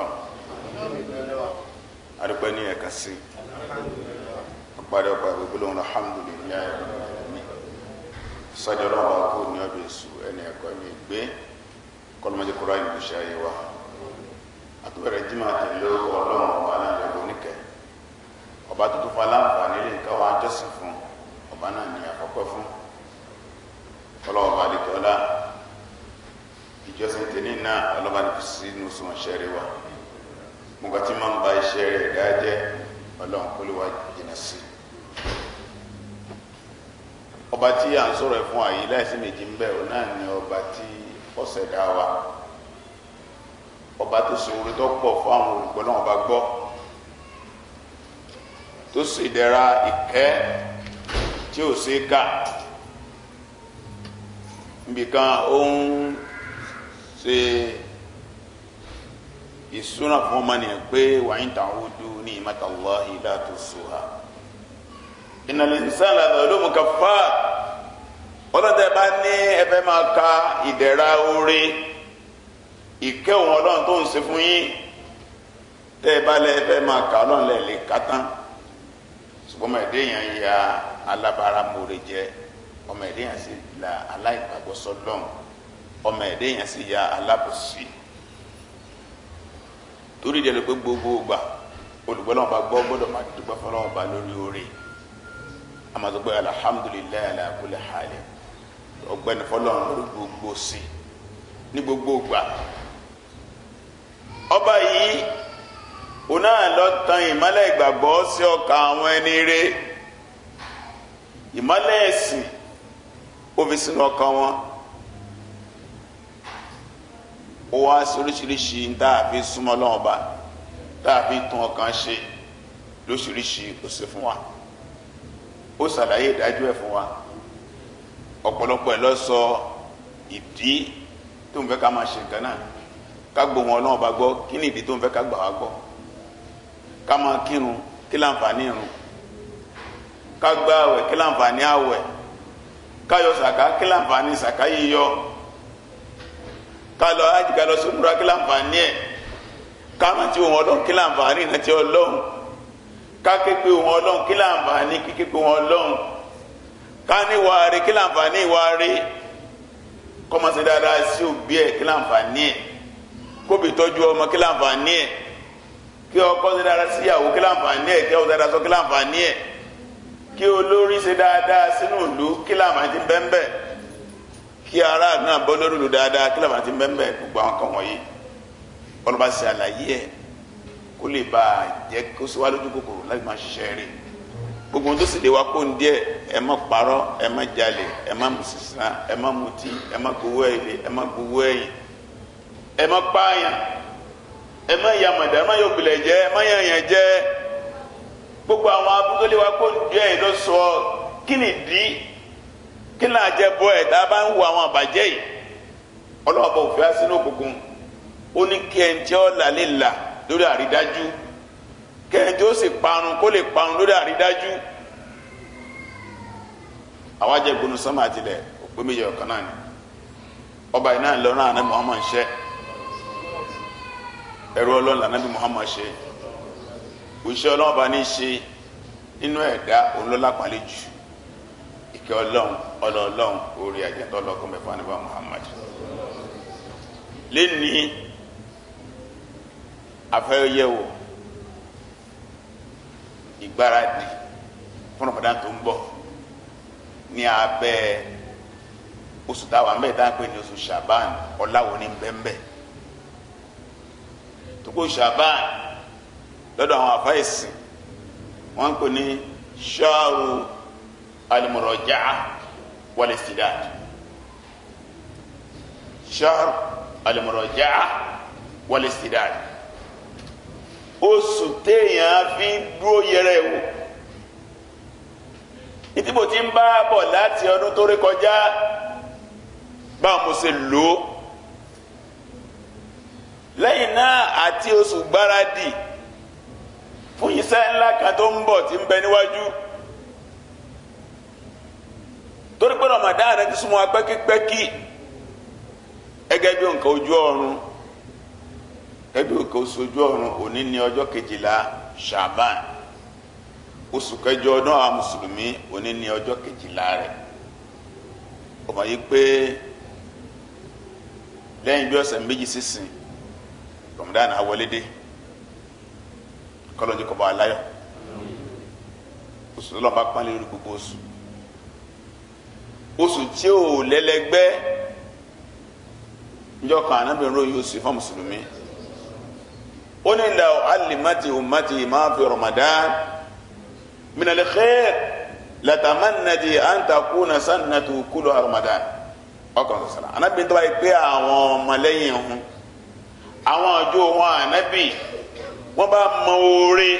ọlọ adúpẹ ní ẹka sí ọpàdé ọpà gbogbo lóhùn alhamdulilayi ọlọmọdé sọjọ lọwọ kó ní ọbẹ èso ẹni ẹkọ ẹni gbé kọlọmọdé kúrò ayé ìgbésí ayé wa àtúbẹ̀rẹ̀ jimá tẹ̀lé ọlọ́run ọba náà lẹ́gbọ̀n oníkẹ́ ọba tuntun fún aláǹfààní lè ká wọn ajọ́sìn fún ọba náà ní àkọ́kọ́ fún ọlọ́ọ̀bá àdìkọ́lá ìjọsìn tẹ̀lé náà ọlọ́ba ní fi sínú sọmọṣẹ́rẹ́ wa. gbogbo àti máa ń ba iṣẹ́ rẹ̀ ẹ̀dá jẹ́ ọlọ́run kó lè wá jìnnà sí i ọba tí à ń sọ̀rọ̀ ẹ̀ fún àyè láìsí méjì ń bẹ̀ ọ́ náà ni ọba tí ọ̀sẹ̀dá wa ọba tó ṣe orí tó pọ̀ fún àwọn olùgbọ́ náà ọba gbọ́ tó sì dẹ̀ra ìkẹ́ tí ò sí ká nbìkan ó ń ṣe. ìṣúná fún ọmọ nìyẹn pé wa in ta'udu ni'matallahi la tuhsuha innal insana ladhalumun kaffar ọlọ́dẹ bá ní ẹfẹ́ máa ka ìdẹ̀ra oore ìkẹ́ òun ọlọ́run tó ń ṣe fún yín tẹ́ ẹ bá lẹ́ ẹfẹ́ máa ka ọlọ́run lẹ́ lè ká tán ṣùgbọ́n ọmọ ya alábàárà mòre jẹ ọmọ ẹ̀dẹ́ sì la aláìgbàgbọ́sọ lọ́hùn ọmọ ẹ̀dẹ́ sì ya alábòsí torí ìdí ẹni pé gbogbo gbà olùgbọ́lọ́wọ́ bá gbọ́ gbọ́dọ̀ máa dúpẹ́ fọlọ́wọ́ bá lórí oore amadugbe alhamdulilayi ala kulli hali ọgbẹni fọlọ́wọ́ lórí gbogbo sí ní gbogbo gbà ọba yìí ọ̀nà lọ́tàn ìmọ́lẹ̀ ìgbàgbọ́ sí ọkàn àwọn ẹni rere ìmọ́lẹ̀ ẹ̀sìn ó sínú ọkàn wọn ó wá oríṣiríṣi tá a fi súnmọ́ lọ́wọ́n bá tá a fi tún ọkàn ṣe lóṣiríṣi kò sí fún wa ó ṣàlàyé ìdájọ́ ẹ̀ fún wa ọ̀pọ̀lọpọ̀ ẹ̀ lọ sọ ìdí tó ń fẹ́ ká máa ṣe nǹkan náà ká gbóhùn Ọlọ́run bá gbọ́ kí ni ìdí tó ń fẹ́ ká gbà wá gbọ́ ká máa kírun kí láǹfààní irun ká gbààwẹ̀ kí láǹfààní àwẹ̀ ká yọ sàká kí láǹfààní sàká yíyọ ká lọ hajj ká kila sùmúra kí láǹfààní ẹ̀ ká má ti wọn ọlọ́run kí láǹfààní náà ti ọlọ́run ká képe wọn ọlọ́run kí láǹfààní kíképe wọn ọlọ́run ká ní kila kí láǹfààní ìwàárí kọ́mọ̀sí dáadáa sí òbí ẹ̀ kí láǹfààní ẹ̀ kóbi tọ́jú ọmọ kí láǹfààní ẹ̀ kí ọkọ ṣe dáadáa sí ìyàwó kí láǹfààní ẹ̀ kí ọ̀sẹ̀ dáadáa sọ kí láǹfààní ẹ̀ kí olórí ṣe dáadáa sínú ìlú kí láǹfààní ti bẹ́ẹ̀ kí ara náà bọ́ lórí lu dáadáa kí làwọn àti mẹ́mẹ́ gbogbo àwọn kan wọ̀nyí ọlọ́ba ṣe àlàyé ẹ̀ kó lè bá a jẹ́ kó sì wá lójú kòkòrò láti máa ṣiṣẹ́ rẹ̀ gbogbo tó sì lè wá kó ń díẹ̀ ẹ má parọ́ ẹ má jalè ẹ má musisa ẹ má mutí ẹ má gbowó ẹ̀lẹ̀ ẹ má gbowó ẹ̀yìn ẹ má pààyàn ẹ má yamọ̀dà ẹ má yọ̀bìlẹ̀ jẹ́ ẹ má yànyàn jẹ́ gbogbo àwọn abúlé wa kó ń díẹ̀ lọ sọ kí nìdí kí là á jẹ bọ́ ẹ̀ tá a bá ń wo àwọn àbàjẹ́ yìí ọlọ́wọ́ bọ̀ òfin asínú òkùnkùn ó ní kẹ́ńtì ọ̀là lè là lórí àrídájú kẹ́ńtì ó sì parun kó lè parun lórí àrídájú àwọn ajẹgbónú sọmọ àtìlẹ òpé méjì ọkàn náà ni ọba yìí náà lọ náà ànábì Muhammad ṣe ẹrú Ọlọ́run ànábì Muhammad ṣe òṣìṣẹ́ Ọlọ́run bá ní ṣe nínú ẹ̀dá òun ìkẹ́ ọlọ́run ọlọ́ọ̀lọ́run orí àjẹtọ́ ọlọ́kùn mẹ́fà nípa Muhammad lẹ́ni afẹ́yẹ̀wò ìgbáradì fún ọ̀pọ̀dá tó ń bọ̀ ní abẹ́ oṣù táwa ń bẹ̀ tá a pè ní oṣù Shaban ọ̀làwọ̀ ní bẹ́ńbẹ́ tó kó Shaban lọ́dọ̀ àwọn afẹ́ ìsìn wọ́n ní ṣọ́ọ̀rù. المراجعة والاستعداد شهر المراجعة والاستعداد oṣù téèyàn fi dúró yẹrẹ wò ìdìbò tí ń bá bọ̀ láti ọdún tó rí kọjá báwọn mo ṣe lò ó lẹ́yìn náà àti oṣù gbáradì fún iṣẹ́ ńlá kan tó ń bọ̀ tí ń bẹ níwájú torí pé Ramadan rẹ ti súnmọ́ wa pẹ́kípẹ́kí gẹ́gẹ́ bí nǹkan ojú ọ̀run gẹ́gẹ́ bí nǹkan oṣù ojú ọ̀run òní ní ọjọ́ kejìlá Shaban oṣù kẹjọ ọdún àwọn mùsùlùmí òní ní ọjọ́ kejìlá rẹ̀ ọmọ yìí pé lẹ́yìn bí ọ̀sẹ̀ méjì sísìn Ramadan á wọlé dé kọ́lọ́njì kọ́ba aláyọ̀ oṣù tó lọ́ọ́ bá pálí lórí gbogbo oṣù oṣù tí ò lẹ́lẹ́gbẹ́ njọ́ kan Ànábì ròyìn oṣù fún mùsùlùmí ó ní ìlà alimati umati máa fi Ramadan minali xeer latamannadi antakuna sanatu kulu Ramadan ọkàn sọsọlá Ànábì tó báyìí pé àwọn ọmọlẹ́yìn ọ̀hún àwọn àjọ wọn Ànábì wọn bá mọ oore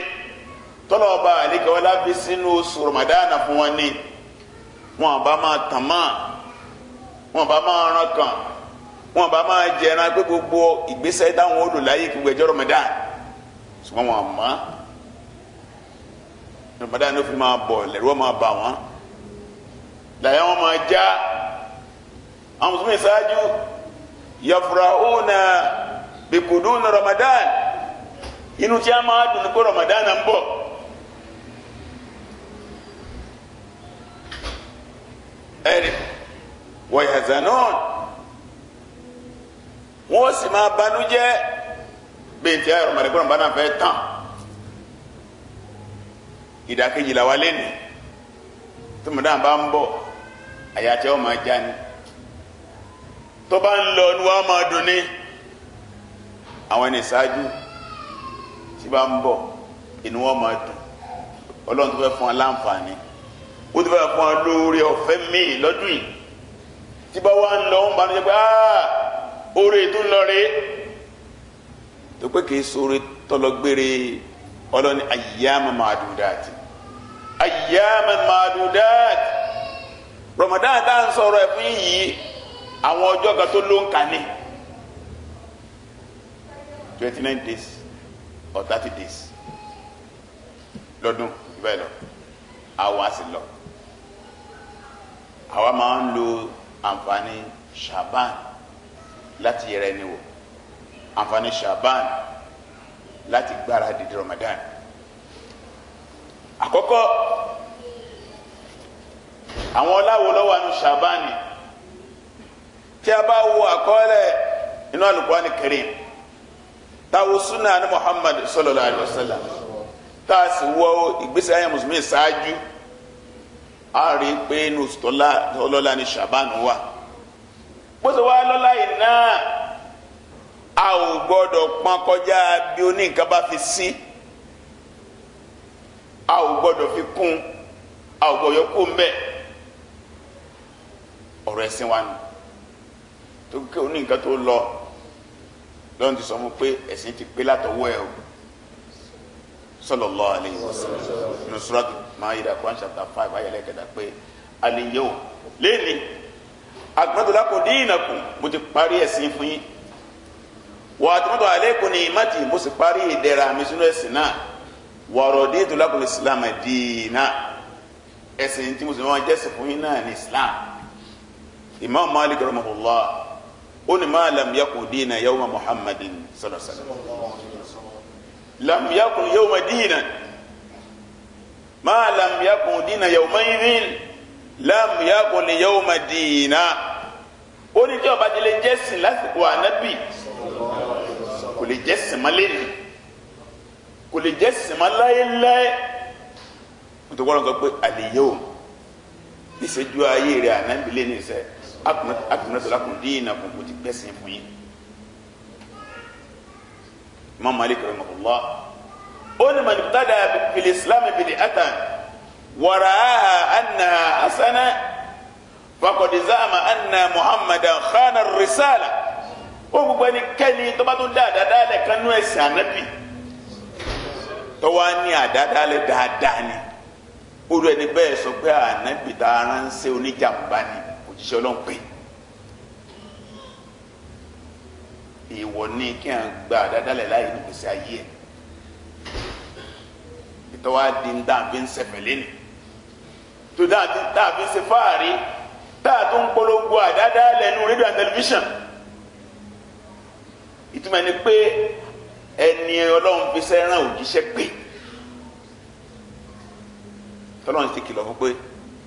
tọ́lọ̀ ọba àlekẹ́wọ́lá fi sínú oṣù Ramadan fún wọn ní wọn àbá máa tàn máa wọn àbá máa ran kàn wọn àbá máa jẹran pé gbogbo ìgbésẹ̀ táwọn olùláyè kí gbẹjọ́ Ramadan ṣùgbọ́n wọn àmọ́ Ramadan ló fi máa bọ̀ lẹ́rú wọn máa bà wọ́n làyà wọn máa já àwọn mùsùlùmí ṣáájú yafurahuna bikudu na Ramadan inú tí a máa dùn ní pé Ramadan ń bọ̀. ẹ̀rí wọ̀yàzánọ́ọ̀n wọ́n sì máa banújẹ́ bẹ́ẹ̀ tí ayọ̀rọ̀ mọ̀lẹ́kọ́rọ̀ bá náà fẹ́ tán ìdákejì làwa lẹ́nu tó mọ̀dá bá ń bọ̀ àyàtẹ́ ọ̀ máa já ni tó bá ń lọ ni wàá máa dùn ní àwọn ẹni ṣáájú tí bá ń bọ̀ inú wọn máa dùn ọlọ́run tó fẹ́ fún wa láǹfààní ó ti bá fún wa lóore ọ̀fẹ́ míì lọ́dún yìí tí bá wà ń lọ ń bá níjẹ́ pé ah, oore tó ń lọ rèé tó pé kì í sóore tọlọgbére ọlọ́ni ayyama ma'adudati ayyama ma'adudati Ramadan tá à ń sọ̀rọ̀ ẹ̀ fún yìí àwọn ọjọ́ kan tó ló ń kà ní twenty nine days or thirty days lọ́dún bẹ́ẹ̀ lọ àwa sì lọ àwa máa ń lo àǹfààní shaban láti yẹra ẹni wò àǹfààní shaban láti gbáradì di ramadan àkọ́kọ́ àwọn ọláwo lọ́wọ́ àánú shaban tí a bá wo àkọọ́lẹ̀ inú Al-Qur'ani táwo sunna ni Muhammad sallallahu alaihi wasallam tá a sì wọ ìgbésí ayé mùsùlùmí ṣáájú a rí i pé inú ọlọ́lá ni shaban wà bó ṣe wá lọ́lá yìí náà a ò gbọ́dọ̀ pọn kọjá bí oníkan bá fi sí a ò gbọ́dọ̀ fi kún a ò gbọ́dọ̀ kó mbẹ́ ọ̀rọ̀ ẹ̀sìn wa ni tó kí oníkan tó lọ lọ́run ti sọ fún pé ẹ̀sìn ti pé látọwọ́ ẹ̀ o sallallahu alaihi wasallam nusratu maida Quran chapter five ayẹlẹ kẹta pé aliyewo lẹni agbọdọla kò dín iná kù mo ti parí ẹsìn fún yín wà á tọmọtò alẹ kò ní ìmátì mo sì parí ìdẹ̀ra mi sínú ẹsìn náà wọrọ dín ìdọlá kò ní islam dìínà ẹsìn tí mo sì máa jẹsìn imam malik rahmatullah ó ní ma lam yakun dina yawma muhammadin sallallahu alaihi wasallam yawma dinan ma lam yakun dina yawma idhin lam yakun li yawma dina ó ní tí ó bá ti lè jẹ́sìn lásìkò ànábì kò lè jẹ́sìn má lẹ́nu kò lè jẹ́sìn má láyéláyé nítorí wọ́n lọ pé àlèyé o ìṣẹ́jú ayé rẹ̀ ànábì lé ní ìṣẹ́ akùnrin sọ̀rọ̀ akùnrin dínà kò kò ti gbẹ̀sìn fún yín. Imam Malik rahimahullah ó ní manibtada bìlì islam bìlì atan wàràhà anna hasana fakọ̀dé záàmà anna muhammadan khana risala ó gbogbo ẹni kẹ́ni tó bá tún dáadáa dáadáa kan nú ẹ̀sìn ànábì tó wá ní àdáadáa lé dáadáa ni olú ẹni bẹ́ẹ̀ sọ pé ànábì tá a ránṣẹ́ oníjàmbá ni òjíṣẹ́ ọlọ́run pé ìwọ ni kí n gba àdáadáa lẹ̀ láyé nígbèsè ayé ẹ̀ tọ́wá di ń dàbí ń sẹ̀fẹ̀ lẹ́nu tó dàbí ń ṣe fáàrí táà tó ń polongo àdáadáa lẹ́nu rédíò àti tẹlifíṣàn ìtumọ̀ ni pé ẹni ọlọ́run fi sẹ́ràn òjíṣẹ́ pé tọ́lọ́run ti kìlọ̀ fún pé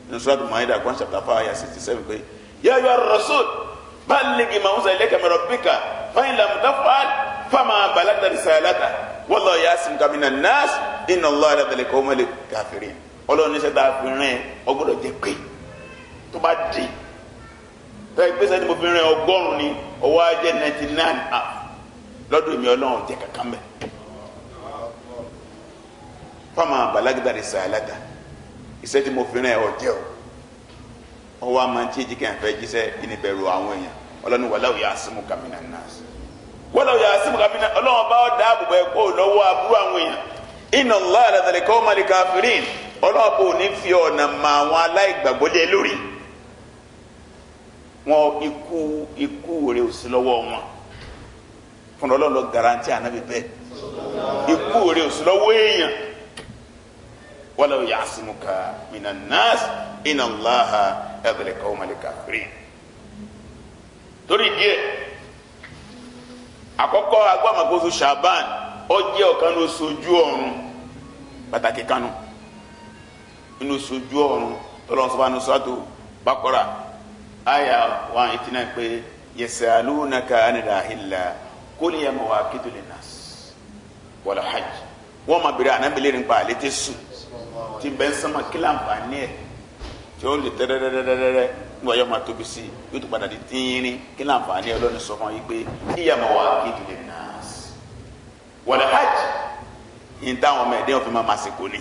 ní sọ́dọ̀ mahida kwan chapter five ayah sixty seven pé yẹ́ yọ rasul bá lè gbìmọ̀ ọ̀hún sẹ́yìn lẹ́kẹ̀mẹ̀rọ̀ bíkà fáyìn làmúdá fáàlì wallahu ya'simuka minan nas inna Allaha la na al-qawmal kafirin ọlọ́run níṣẹ́ tá a fi rìn ọgbọ́dọ̀ jẹ́ pé tó bá di tó yẹ pé sẹ́ni mo fi rìn ọgọ́rùn ni ọwọ́ ajẹ́ ninety nine half lọ́dún mi ọlọ́run jẹ́ kankan mẹ́. fama balagida de sa alata iṣẹ́ tí mo fi rìn ọjẹ́ o ọwọ́ a máa ń tí jí kẹ́hìn jíṣẹ́ kí àwọn èèyàn ọlọ́run wọ́n lọ yàrá síbi kàmínà ọlọ́run bá dá àbùbọ̀ ẹ̀kọ́ lọ́wọ́ àbúrò àwọn èèyàn iná ńlá àdàtàlẹ̀ kọ́ mọ́lẹ̀ káfírin ọlọ́run bò ní fi ọ̀nà mọ àwọn aláìgbàgbọ́ lé lórí wọn ikú ikú rẹ̀ ò sí lọ́wọ́ wọn fún ọlọ́run lọ garanti ànábì bẹ́ẹ̀ ikú rẹ̀ ò sí lọ́wọ́ èèyàn wọ́n lọ yàrá síbi kàmínà náà iná ńlá àdàtàlẹ̀ kọ́ mọ́lẹ̀ káfírin torí díẹ̀ àkọ́kọ́ agbọ́mọ̀kóso shaban ó jẹ́ ọ̀kan ní oṣù ojú ọ̀run pàtàkì kanu nínú oṣù ojú ọ̀run tọ́lọ́ sọ́ba ní sọ́tò bákọ́ra àyà one eighty nine pé yasalunaka anil ahilla qul ya mawaqitu linnas wal hajj wọ́n máa bèrè ànábìlẹ̀ nípa àlẹ́ tẹ̀ sùn tí bẹ́ẹ̀ sọ́mà kílàǹfà ní ẹ̀ tí ó lè tẹ́rẹ́rẹ́rẹ́rẹ́rẹ́ nígbà yóò máa tóbi sí yóò tún padà di tínrín kí láǹfààní ọlọ́ni sọ fún yín pé ìyàmọ̀ wa kéde lè nà á sí. wọ̀lẹ̀ hajj yìí táwọn ọmọ ẹ̀dẹ́ òfin máa ma sìnkú ni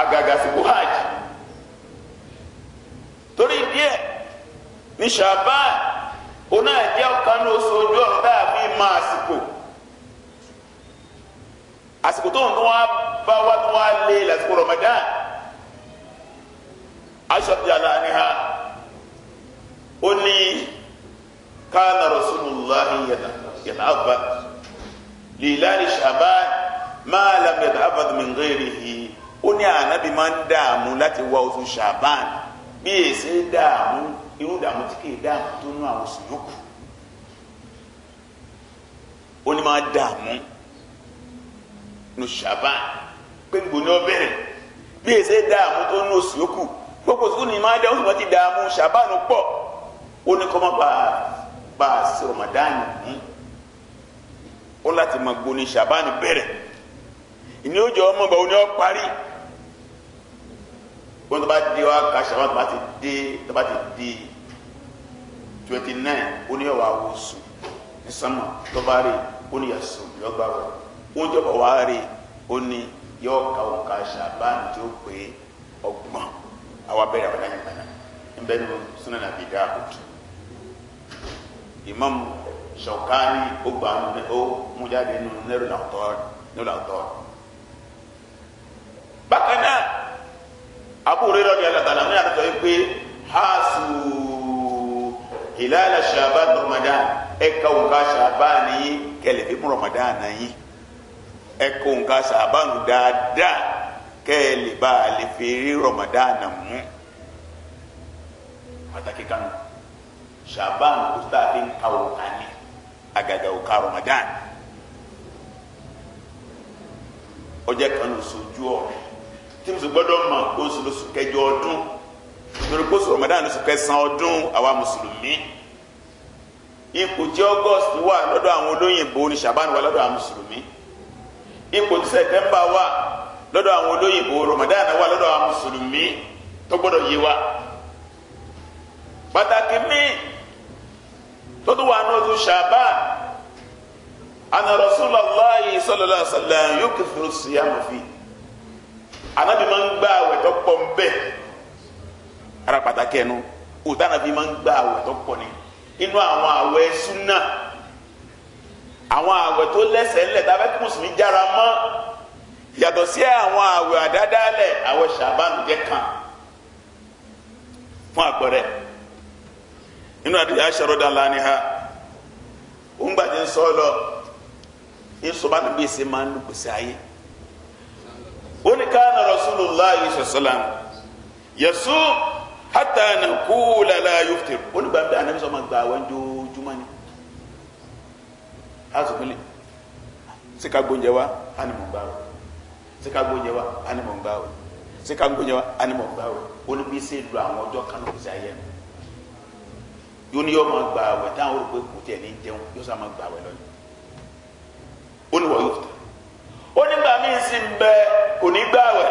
àgàgà sìnkú hajj torí díẹ̀ ní ṣàbáà òun náà jẹ́ ọ̀kan ní oṣù ojú ọ̀run tá fi máa sìnkú àsìkò tó ń tó wá bá wá tó wá lé lásìkò Ramadan asọ̀dìyàlá ni ha ó ní káàna rasulullahi yàtàbà lìlàlì ṣàbá máa lam yàtàbà min ghairihi ó ní ànábì máa ń dààmú láti wá oṣù ṣàbá bí èsì dààmú irú dààmú tí kì í dààmú tó nú àwọn oṣù yòókù ó ní máa dààmú nu ṣàbá pé gbòòní ọbẹ̀rẹ̀ bí èsì dààmú tó nú oṣù yòókù gbogbo sukùlù ní máa dẹ́ oṣù wọn ti dààmú ṣàbánu pọ̀ ó ní kọ́ mọ́ bá a bá a ṣe ọ̀mọ̀dánù mú ó láti mọ gbóni ṣàbánu bẹ̀rẹ̀ ìní ó jọ ọmọ bá oní ọ parí wọn tó bá di wa ka ṣàbánu tó bá ti dé tó bá ti di twenty nine ó ní ọ̀wá wo sùn ní sánmà tó bá rí ó ní yàtọ̀ lọ́gbà wọ̀ ó ń jọba wá rí ó ní yọ ọ̀ka òǹkà ṣàbánu tó pé ọgbọ̀n awa bɛrɛ awa nanyɛ mana n bɛ nu sunan abi daud imam shawkani o gba nu o mujade nu nero la tɔɔr nero la tɔɔr bákan náà abu rírọ di ala tala múlẹ̀ àtọ́ yìí pé hilala shaban ramadan ẹ ka òǹkà shaban ramadan yìí ẹ ka òǹkà shaban dáadáa kẹ́ ẹ lè bá a lè fi rí Ramadan mú pàtàkì kanu Shaban tó sáfì ń ka òkà ní àgàgà òkà Ramadan ọjọ́ kanu sojú ọ̀rẹ́ tí mo sì gbọ́dọ̀ mọ̀ kó n sọ kẹjọ ọdún lórí kó sọ Ramadan lóṣù kẹsàn-án ọdún àwa mùsùlùmí ipò tí August wà lọ́dọ̀ àwọn olóyìnbó ni Shaban wà lọ́dọ̀ àwọn mùsùlùmí ipò tí September wà lọ́dọ̀ àwọn olóyìnbó Ramadan wà lọ́dọ̀ àwọn mùsùlùmí tó gbọ́dọ̀ yé wa pàtàkì mi tó tún wà ní oṣù Sha'ban ana Rasulullah sallallahu alaihi wasallam yukthiru siyama fi anabi máa ń gba àwẹ̀ tó pọ̀ ń bẹ̀ ara pàtàkì ẹnu òtá anabi máa ń gba àwẹ̀ tó pọ̀ ni inú àwọn àwẹ̀ súnà àwọn àwẹ̀ tó lẹ́sẹ̀ ńlẹ̀ tàbí kí mùsùlùmí jára mọ́ yàtọ̀ sí àwọn àwẹ̀ àdádálẹ̀ àwẹ̀ ṣàbán jẹ́ kan fún àpẹẹrẹ nínú àdìyà aṣọ́rọ́dà lánìí ha ó ń gbàdé sọ lọ ìṣọba níbi máa ń lùkùsí ayé ó ní káàna Rasulullahi sallam yasum hatta naqula la yuftir ó ní gbàgbé ànábì sọ ma gbà àwọn ojoojúmọ́ ni a sọ gbóúnjẹ wa á ní ṣé ká gbóúnjẹ wa á ní mọ̀ ń gbá o ṣé ká gbóúnjẹ wa á ní mọ̀ ń gbá o olùbí ṣe lu àwọn ọjọ́ kan ló ṣe ayé mi yóò ní yóò máa gbà wẹ̀ táwọn olùgbé kù tiẹ̀ ní jẹun yóò sá máa gbà wẹ̀ lọ́yìn ó ní wọ́n yóò fìtà ó nígbà míì sì ń bẹ kò ní gbà wẹ̀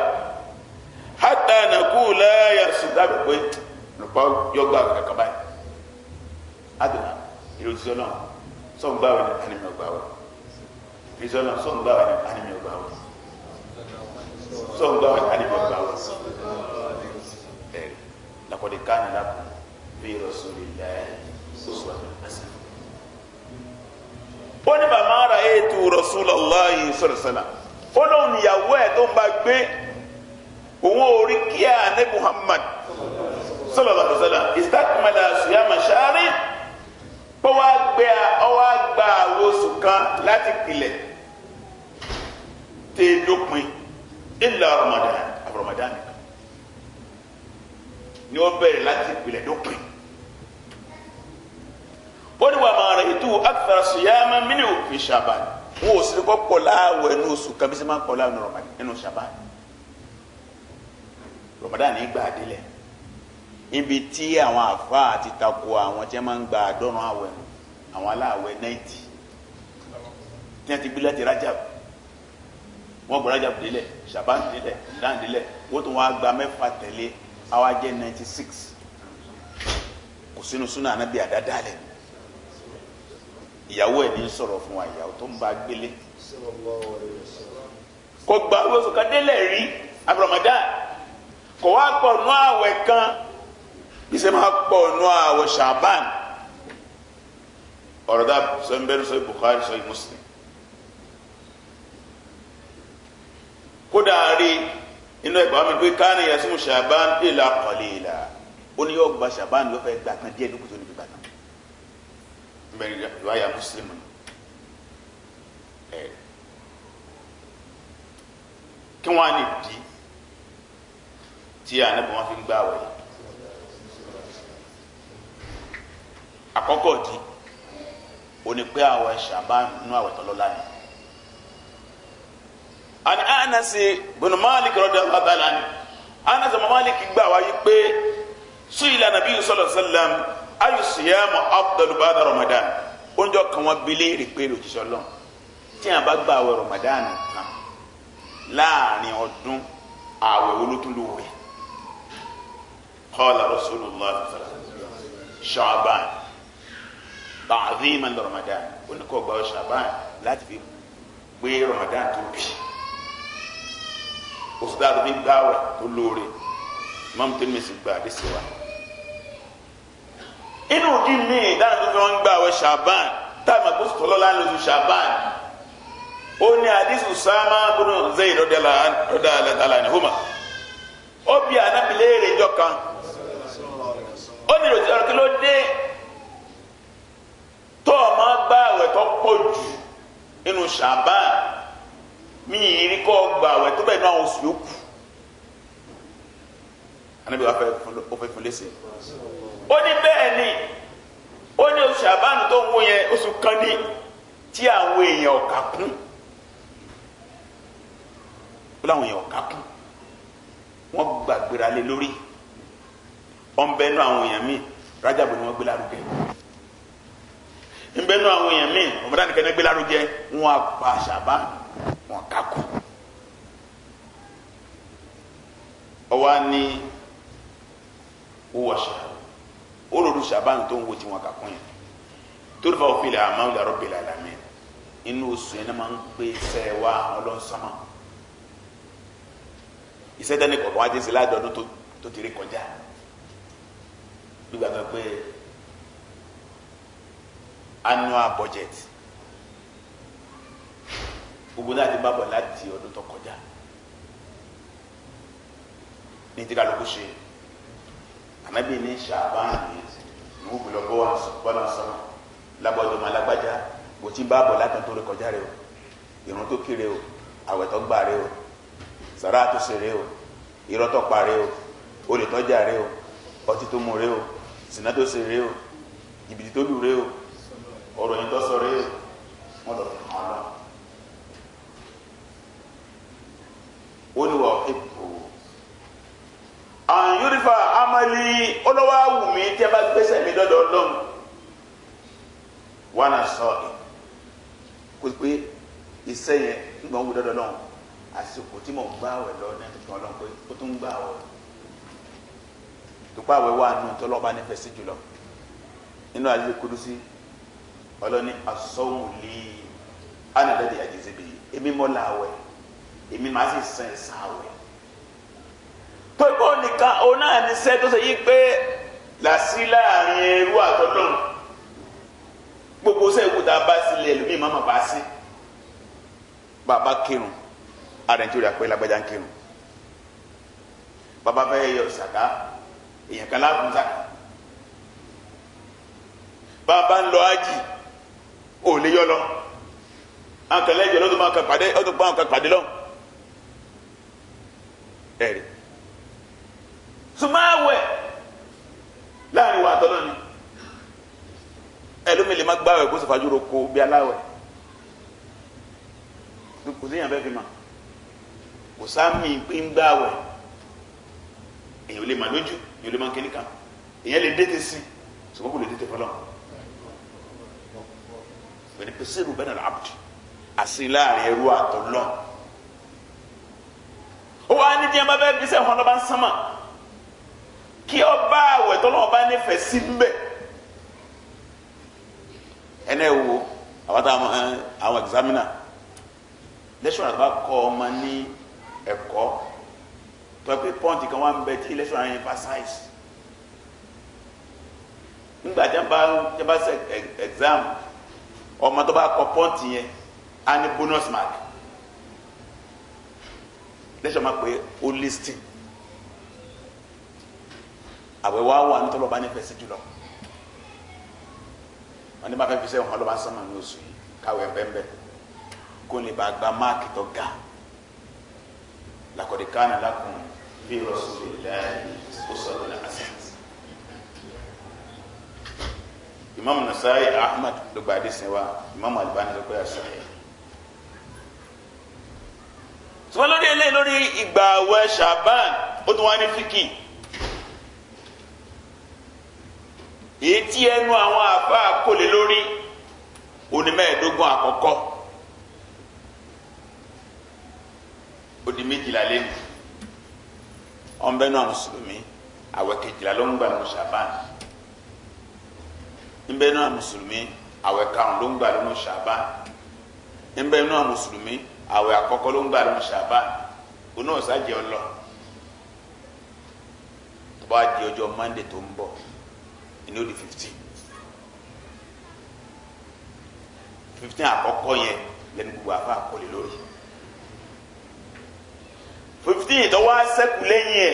hátà nàkú lẹ́yà sùdáàbò pé nípa yọ gbà wẹ̀ kàkà báyìí àdùnnà ìròtìsọ náà sọ̀ ń sọ̀rọ̀ gbà wọn àlejò gbà wọn ẹ̀rí lakọ̀dé kánà lakọ̀ bí rọ̀sùlì láyé sọ̀rọ̀ àṣà. ó ní màmá ara ètò Rasulullahi sọ̀rọ̀ sọ̀là ó lóun ìyàwó ẹ̀ tó ń bá gbé òun ò rí kíá ní Muhammad sallallahu alaihi wasallam ìsàkùnmọ̀lá sùyàmà sáré pé wàá gbé ọwọ́ àgbà àwòsùn kan láti pilẹ̀ tẹ́ dópin illa Ramadan àbọ̀ Ramadan nìkan ni wọ́n bẹ̀rẹ̀ láti ìpìlẹ̀ dópin wọ́n ní wà máa rẹ̀ ètò akthara siyama minhu fi Sha'ban wọ́n ò sì kọ́ pọ̀ láàwọ̀ ẹnu oṣù kan bí sẹ́ máa ń pọ̀ láàwọ̀ Ramadan ní gbà délẹ̀ ibi tí àwọn àfa àti tako àwọn tí wọ́n máa ń gba àdọ́rùn àwẹ̀ àwọn aláwẹ̀ náìtì tí wọ́n ti gbé láti Rajab wọ́n gbọ́dọ̀ ajá délẹ̀ ṣàbán délẹ̀ ìdán délẹ̀ wọ́n tún wáá gba mẹ́fà tẹ̀lé àwa jẹ́ ninety six kò sínú súnà anábì àdáda lẹ̀ ìyàwó ẹ̀ ní sọ̀rọ̀ fún wa ìyàwó tó ń bá gbélé kò gba oṣù kan délẹ̀ rí abúlọ̀mọdá kò wá pọ̀ nù àwẹ̀ kan bí sẹ́ máa pọ̀ nù àwẹ̀ ṣàbán ọ̀rọ̀ dà sọ ń bẹ́ẹ̀ sọ Bukhari sọ Muslim. kódà rí inú ẹgbàá mi pé káàní yasum ṣàbán ìlà kọlíìlà ó ní yóò gba ṣàbán yóò fẹ́ gbà kan díẹ̀ lókùtò níbi gbàtàn bẹ́ẹ̀ yóò àyà mùsùlùmù ẹ kí wọn á ní bí tí ànábọ wọn fi ń gbà wẹ̀ àkọ́kọ́ di ó ní pé àwọn ṣàbán nínú àwẹ̀ tọlọlá ni àni anasi bùnú malik rọdà wàtàlá ni anasi ọmọ malik gbà wáyé pé suyila nabi sọlọ sẹlẹm ayu siyamu afdalu bada ramadan oúnjẹ kan wọn bilé rè pé lòjíṣọ lọ tí a bá gba àwẹ̀ ramadan kan láàrin ọdún àwẹ̀ olótúlùwẹ qala rasulullah ṣaaban ta'ziman li ramadan oníkọ̀ọ́gbà ṣaaban láti fi gbé ramadan tóbi ustaadu bi gbaawa tó lóore imam tirimisi gba àdìsí wa inú òdi míì dáná tó fi wọn gbaawa ṣàbán táàmù àkóso tọ́lọ́lá ń lóṣù ṣàbán ó ní àdìsí sáàmà bùnú zayd ọ̀dà àlàtàlà ni huma ó bí anábìlẹ́rẹ̀ ìjọ kan ó ní ìròyìn ọ̀rọ̀ kí ló dé tó o máa gbaawa tó pọ̀ jù inú ṣàbán mi ìrìn kọ́ gba àwẹ̀ tó bẹ́ẹ̀ ní àwọn oṣù yòókù anabi wa fẹ́ fẹ́ fún lẹ́sẹ̀ ó ní bẹ́ẹ̀ ni ó ní oṣù àbánu tó ń wó yẹn oṣù kan ní tí àwọn èèyàn ọ̀kà kún ó láwọn èèyàn ọ̀kà kún wọ́n gbàgbéra lé lórí wọ́n bẹ́ẹ̀ nú àwọn èèyàn míì rájàbù ni wọ́n gbé lárugẹ ń bẹ́ẹ̀ nú àwọn èèyàn míì ọ̀mọdánìkẹ́ ni wọ́n gbé lárugẹ wọ́n apá àṣàbánu wọn kakú ọwọ́ ni wọ́n ṣe olórí sàbánu tó ń wo tí wọn kakú yẹn torí fa òfin lè àmọ́ ìdàrọ́ bẹ̀rẹ̀ àlámẹ́ inú oṣù yẹn máa ń gbé iṣẹ́ wa ọlọ́sọ́mọ́ iṣẹ́ dání kọ̀ọ̀kan wá ti ṣe ládọ́dún tó ti rí kọjá nígbà pé annual budget gbogbo náà ti bábọ̀ láti ọdún tó kọjá ní ti kálukú ṣe ànábì ní ṣàbán ní ìwúgbìlọ́gbọ́ bọ́lá sọ́nà lábọ́dọ̀ máa lágbájá bó ti bábọ̀ látàn tó rí kọjá rẹ o ìrun tó kéré o àwẹ̀ tó gbà rẹ o sàrà tó ṣe rẹ o irọ́ tó pa rẹ o olè rẹ o ọtí tó mu rẹ o sìnà tó ṣe rẹ o jìbìtì tó lù rẹ o ọ̀rọ̀ yìí tó sọ rẹ o wọ́n lọ fi hàn án lọ. ó ní wà ìbò àwọn yorùbá amali olówó awùmí tí a bá gbèsè mi dọdọ lọhùn wọn à sọ ẹ kó pé iṣẹ yẹn nígbà wọn wù dọdọ lọhùn àsìkò tí mò ń gbà wẹ lọ ní ẹni tó lọ pé ó tún ń gbà wọ tó pàwẹ wà nù tó lọ́ba nífẹ̀ẹ́ sí jùlọ nínú àdìsí kudusi ọlọ́ni asọ́wùlì ánàdàdì àjẹsẹ́bì èmi mọ́ làwẹ̀ èmi máa sì sẹ sáwẹ̀ pé kó nìkan òun náà ní sẹ́ tó ṣe yí pé làásì láàrin ẹrú àtọ́lọ́run gbogbo sẹ́yìnkú tá a bá sílẹ̀ lómi máa ma bá sí bàbá kírun ara ẹni tó rí apẹ́ lágbájá ń kírun bàbá fẹ́ yọ sàká èèyàn kan láàbùn sàká bàbá ń lọ ájì ò lè yọ lọ àkànlẹ́jọ lọ́dún máa kàn pàdé lọ́dún máa kàn pàdé lọ́dún ẹ̀rí sùmáwẹ̀ láàrin wa àtọ́nà ni ẹlòmíì lè má gbàwẹ̀ kó sì fàájúro ko bí aláwẹ̀ kò síyàn bẹ́ẹ̀ fi mà kò sáàmì pín gbàwẹ̀ èyàn lè má lójú èyàn lè má kíníkà èyàn lè dẹ́tẹ̀ sí ṣùgbọ́n kò lè dẹ́tẹ̀ fọlọ́ bẹ̀rẹ̀ pèsè ìrù bẹ́ẹ̀ nà àbùdí àsìn láàrin ẹrú àtọ́nà wa ni diẹma bẹ bisẹ họn ba nsama kí ọba awẹ tọlọ ọba ne fẹ́ si mbẹ ẹnẹ wo awata ẹ àwọn examina lẹsọrọ àti ba kọ ọma ní ẹ̀kọ́ tọpẹ pọ́ǹtì kan wà ń bẹ tí lẹsọrọ yẹn fa sáìsì nígbà tí a bá tí a bá ṣe exam ọmọ tó bá kọ pọ́ǹtì yẹn á ní bonus mark lẹ́sọ̀ máa pé ó listing àwẹ̀ wá wà nítorí ọba nífẹ̀ẹ́ sí jùlọ wọn ní bá fẹ́ fi sẹ́wọ̀n ọlọ́ba sánmà ní oṣù yìí káwẹ̀ bẹ́ẹ̀ kó lè bá gba máàkì tó ga làkọ̀dé kánà lákùn bí rọ̀ṣùlẹ̀ láàyè ó sọ̀rọ̀ làásì. imam nasaayi ahmad ló gba imam alibani ló gbé ṣùgbọ́n lórí eléyìí lórí ìgbà àwẹ̀ ṣàbán ó tún wá ní fíkì èyí tí ẹnu àwọn àbá kò lé lórí onímẹ̀ẹ́dógún àkọ́kọ́ ó di méjìlá lẹ́nu ọ̀nbẹ náà mùsùlùmí àwẹ̀ kejìlá ló ń gbà ní ṣàbán ńbẹ náà àwẹ̀ karùn ló ń gbà ní ṣàbán ńbẹ náà àwẹ̀ àkọ́kọ́ ló ń gbà lóun ṣàbá òun náà ṣàjẹ́ ọlọ tó bá di ọjọ́ Monday tó ń bọ̀ inú di fifteen fifteen àkọ́kọ́ yẹn lẹ́nu gbogbo àfa àkọlé lórí fifteen tó wá sẹ́kù lẹ́yìn ẹ̀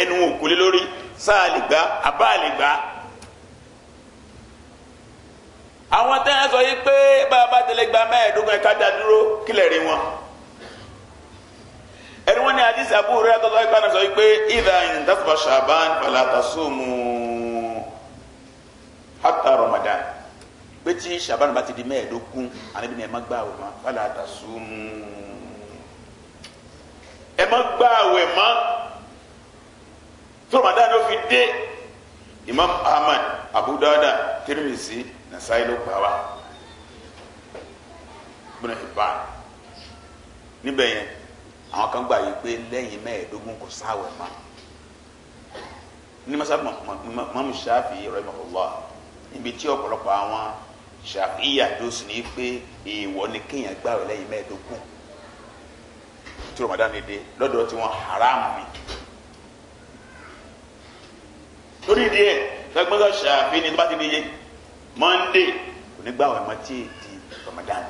ẹnu òkúlé lórí sáà lè gbà àbá lè gbà àwọn tẹ́ ẹ sọ yìí pé bàbá tẹlẹ gba mẹ́ẹ̀ẹ́dógún ẹ̀ka dá dúró kílẹ̀ rí wọn. ẹni wọn ní àdìsí àbúrò rẹ tọ́tọ́ ẹ̀ka náà sọ yìí pé ìdá ìdásùbà ṣàbán fàlà àtàsùmù hàtà Ramadan pé tí ṣàbán bá ti di mẹ́ẹ̀ẹ́dógún àníbi ni ẹ má gbà wẹ̀ mọ́ fàlà àtàsùmù ẹ má gbà wẹ̀ mọ́ tó Ramadan ló fi dé Imam Ahmad Abu Dawud Tirmidhi nasaayi ló gbà wá gbọ́dọ̀ ìbá níbẹ̀ yẹn àwọn kan gbà yìí pé lẹ́yìn mẹ́ẹ̀ẹ́dógún kò sáwẹ̀ mọ́ ní masa mamu shafi rahimahullah ibi tí ọ̀pọ̀lọpọ̀ àwọn shafiya tó sì ní pé èèwọ̀ ni kéèyàn gbààwẹ̀ lẹ́yìn mẹ́ẹ̀ẹ́dógún tí ramadan lè dé lọ́dọ̀ tí wọ́n haramu ni lórí ìdí ẹ̀ gbẹgbẹ́gbẹ́ shafi ni tó bá ti di yé monday kò ní gbàwé mọ́ tí èyí di ramadan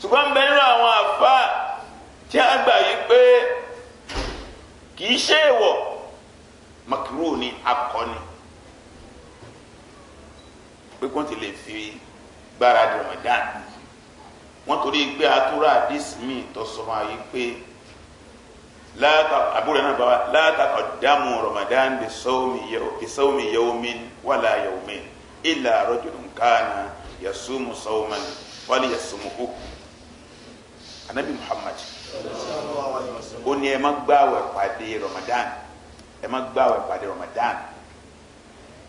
ṣùgbọ́n bẹ́ẹ̀ nínú àwọn àfa tí a gbà yí pé kì í ṣe èèwọ̀ makiru ni akọni pé kò tí lè fi gbára ramadan wọ́n torí pé atura àdìsí mi tó sọ fún yí pé láàtà àbúrò náà bá wa láàtà ọ̀dàmù ramadan bi sawmi yawmin wala yawmin illa rajulun kana yasumu sawman wali yasumuhu anabi muhammad ó ní ẹ má gbààwẹ̀ pàdé ramadan ẹ má gbààwẹ̀ pàdé ramadan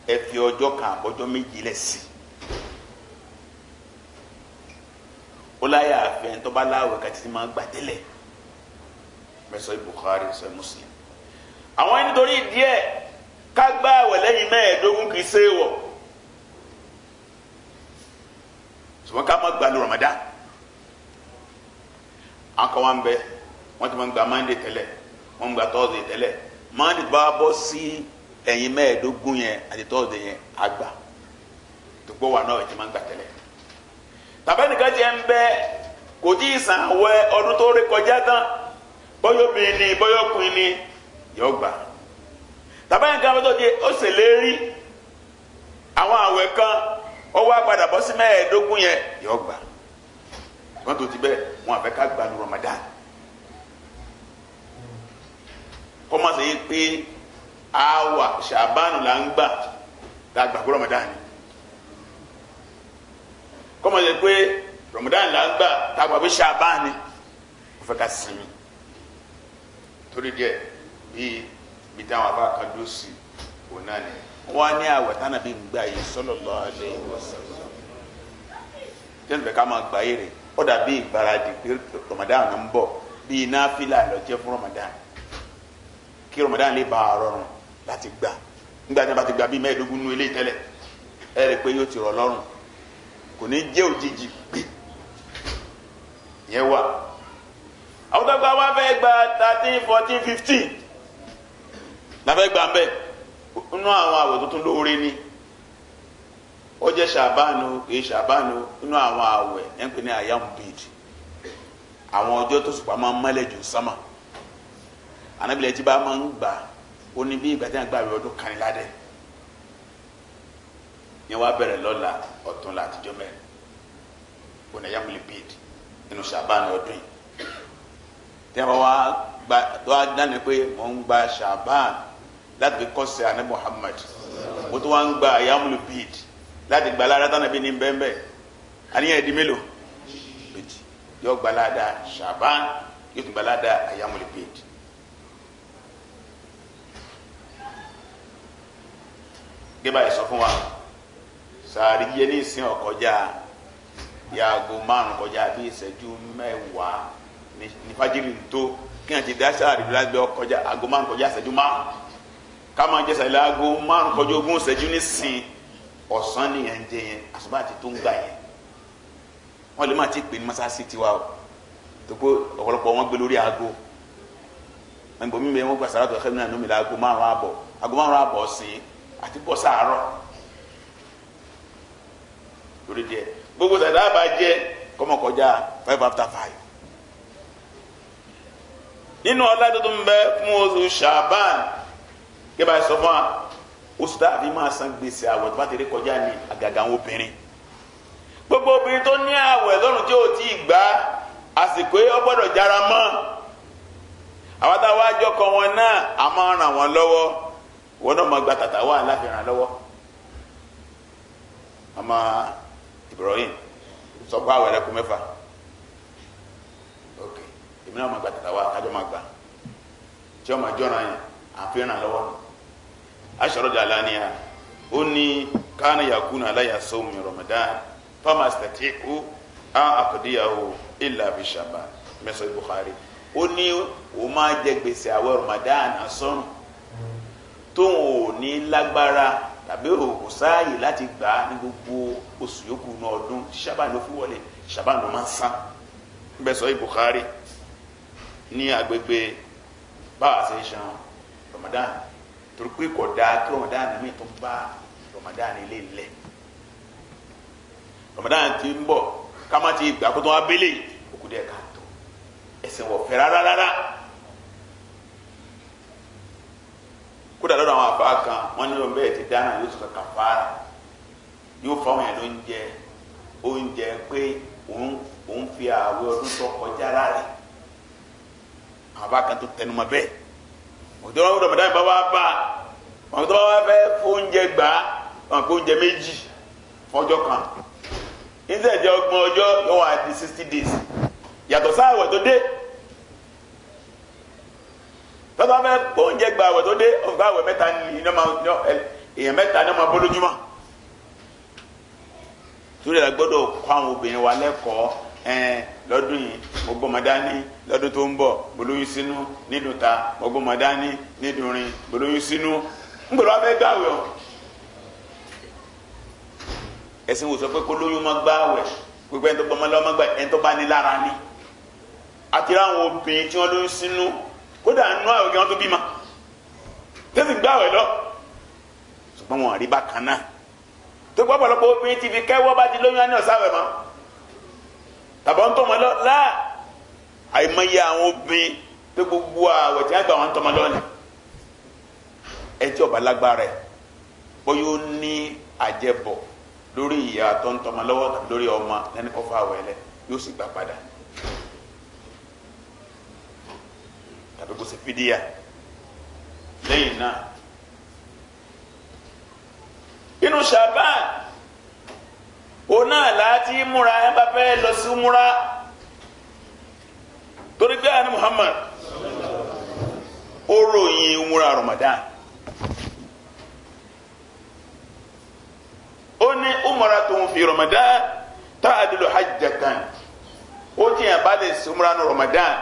ẹ fi ọjọ́ kan àbọ̀jọ́ méjì lẹ̀ sí i. ó láyà àfẹn tó bá láwẹ̀ kàtí ti máa gbà délẹ̀ mẹsàn Bukhari sọ Muslim àwọn ẹni torí díẹ̀ ká gbá àwẹ̀ lẹ́yìn mẹ́ẹ̀ẹ́dógún kì í ṣe wọ̀ ṣùgbọ́n ká má gba ní Ramadan akọ wa ń bẹ wọ́n ti máa ń gba Monday tẹ́lẹ̀ wọ́n ń gba Thursday tẹ́lẹ̀ Monday bá bọ́ sí ẹ̀yìn mẹ́ẹ̀ẹ́dógún yẹn àti Thursday yẹn àgbà tó gbọ́ wà náà ti máa ń gbà tẹ́lẹ̀ tàbẹ́nìkan ti ń bẹ kò tí ì sàn àwẹ̀ ọdún tó rékọjá tán. bọ́yọ̀ obìnrin ni bọ́yọ̀ ọkùnrin ni yọ gbà tàbáyà nǹkan abẹ́tọ̀ di ó àwọn àwẹ̀ kan ọwọ́ sí mẹ́ẹ̀ẹ́dógún yẹn yọ gbà tó ti bẹ́ẹ̀ wọn àfẹ́ Ramadan pé ṣàbánu là ń gbà Ramadan Ramadan là ń gbà tá a torí díẹ̀ bíi bíi táwọn abá kan dúró sí òun náà ni wọn á ní àwẹ̀ tánà bíi ń gbà yìí sallallahu alaihi wasallam jẹ́nu bẹ́ẹ̀ ká máa gbà yìí rè ó dàbí ìgbáradì pé Ramadan ń bọ̀ bíi náfìlà ló jẹ́ fún Ramadan kí Ramadan lè bá a láti gbà nígbà tí a bá ti gbà bíi mẹ́ẹ̀ẹ́dógún nú ilé tẹ́lẹ̀ ẹ rí pé yóò ti rọ̀ lọ́rùn kò ní jẹ́ òjijì pé yẹn wà àwọn tó gba wá fẹ́ gba thirteen fourteen fifteen láfẹ́ gba mbẹ́ nínú àwọn àwẹ̀ tuntun lóore ni ó jẹ́ ṣàbánu kì í ṣàbánu nínú àwọn àwẹ̀ ẹ̀ ń pè ní ayambid àwọn ọjọ́ tó sùpà máa ń jù sánmà ànábìlẹ̀ tí bá máa ń gbà ó ní bí ìgbà tí wọ́n gbà kaniládẹ́ ni wọ́n á bẹ̀rẹ̀ lọ́la tẹ́wọ́ wá gba tó a dání pé mò ń gba ṣàbán láti fi kọ́sẹ̀ àní Muhammad mo tó wá ń gba ayamulu bid láti gba alára tánà bí ní bẹ́ẹ̀nbẹ́ àníyàn ẹ̀dí mélòó bèjì yóò gba aláda ṣàbán yóò tún gba aláda ayamulu bid. gébà yìí sọ fún wa sàárì yẹ ní ìsìn ọkọjá yàgò márùn kọjá bí ìṣẹ́jú mẹ́wàá ní fajiri ń tó kí wọn ti dá sáàrì lágbẹ ọkọjá aago márùn kọjá ìṣẹ́jú márùn ká máa jẹ sàlẹ aago márùn kọjá ogún ìṣẹ́jú nísìn ọ̀sán nìyẹn ń jẹ yẹn àṣùbà àti tó ń gbà yẹn wọn lè má ti pè ní masasi tiwa o tó pé ọ̀pọ̀lọpọ̀ wọn gbé lórí aago ẹnbọn mi bẹ wọn gba sàrà tó ẹkẹ nínú mi la aago márùn àbọ̀ aago márùn àbọ̀ ọ̀sìn àti bọ̀ sàárọ̀ lórí díẹ̀ gbogbo sàdá àbájẹ kọ́mọkọjá five after five. nínú ọlá tó tún bẹ fún oṣù Ṣàbán kí bá sọ fún wa oṣù tá a fi máa san gbèsè àwẹ̀ tó bá ti rí kọjá ní àgàgà àwọn obìnrin gbogbo obìnrin tó ní àwẹ̀ lọ́rùn tí ò tí ì gbà àsìkò yẹn ó gbọ́dọ̀ jára mọ́ àwọn táwa àjọ kan wọn náà a máa ràn wọ́n lọ́wọ́ wọn náà máa gba tàtà wà láfi ràn lọ́wọ́ àmọ́ Ibrahim sọ pé àwẹ̀ rẹ kù mẹ́fà. èmi náà máa gbà tàtà wa kájọ máa gbà tí ọmọ àjọra yẹn àfihàn lọ́wọ́ aṣọ́rọ̀dà aláníyà ó ní káàní yakuna aláya sọ́mi Ramadan fama sitati ó á àkọ́díyàwó ilà bí sàbà mẹsàn Bukhari ó ní ó máa jẹ gbèsè àwẹ̀ Ramadan asọ́rùn tóun ò ní lágbára tàbí òkú sáàyè láti gbà á ní gbogbo oṣù yòókù ní ọdún sábà ló fi wọlé sábà ló máa san bẹ́ẹ̀ sọ ní agbègbè báwa ṣe ń ṣan Ramadan torí pé kò dáa kí Ramadan mi tó bá Ramadan ilé lẹ̀ Ramadan ti ń bọ̀ ká má ti gbà kó tó wá bélé òkú dẹ̀ ká tó ẹ̀sìn wọ̀ fẹ́ rárá rárá kódà lọ́dọ̀ àwọn afá kan wọ́n ní ọ̀bẹ ti dáná yóò sọ̀tọ̀ kàfàrà yóò fáwọn yẹn ló oúnjẹ pé òun fi ààwẹ̀ ọdún tó kọjá rárẹ̀ àwọn bá kan tó tẹnumọ́ bẹ́ẹ̀ òtún àwọn ọmọdé bá wá bá àwọn tó wá fẹ́ fóúnjẹ gbà á wọn fóúnjẹ méjì fọjọ́ kan ìṣèjọ ọgbọ̀n ọjọ́ yóò wá di sixty days yàtọ̀ sáàwẹ̀ tó dé tọ́tọ́ fẹ́ fóúnjẹ gbà àwẹ̀ tó dé ọgbà àwẹ̀ mẹ́ta ni èèyàn mẹ́ta ni wọ́n bọ́ lójúmọ́ torí ẹ̀ gbọ́dọ̀ kọ́ àwọn obìnrin wa lẹ́kọ̀ọ́. ẹ lọ́dún yìí mo gbọ́mọ lọ́dún tó ń bọ̀ bolóyún sínú nídùn ta mo nídùn rin bolóyún sínú ń gbọ́dọ̀ abẹ́ gbàwẹ̀ o ẹ̀sìn sọ pé kó lóyún gbàwẹ̀ pípẹ́ ẹni tó gbà ẹni tó bá ní lára ni àti obìnrin tí wọ́n lóyún sínú kódà nínú àwọn òkè wọn tó bímọ tẹ́sí gbàwẹ̀ lọ wọn tàbá ń tọmọ lọ láà àìmọye àwọn obìnrin pé gbogbo àwẹ̀ tí wọ́n gbà wọ́n tọmọ lọ ni ẹ tí ọba lágbára ẹ bóyá ó ní àjẹbọ lórí ìyá tó ń tọmọ lọ́wọ́ tàbí lórí ọmọ lẹ́ni kó fà wẹ̀ lẹ yóò sì gbà padà tàbí kó ṣe fídíà lẹ́yìn náà inú Ṣàbáàn òun náà láti múra ẹ bá fẹ́ lọ sí múra torí pé àní Muhammad ó ròyìn múra Ramadan ó ní umara tó ń fi Ramadan tá a dìlò hajjatan ó ti yàn bá sí múra ní Ramadan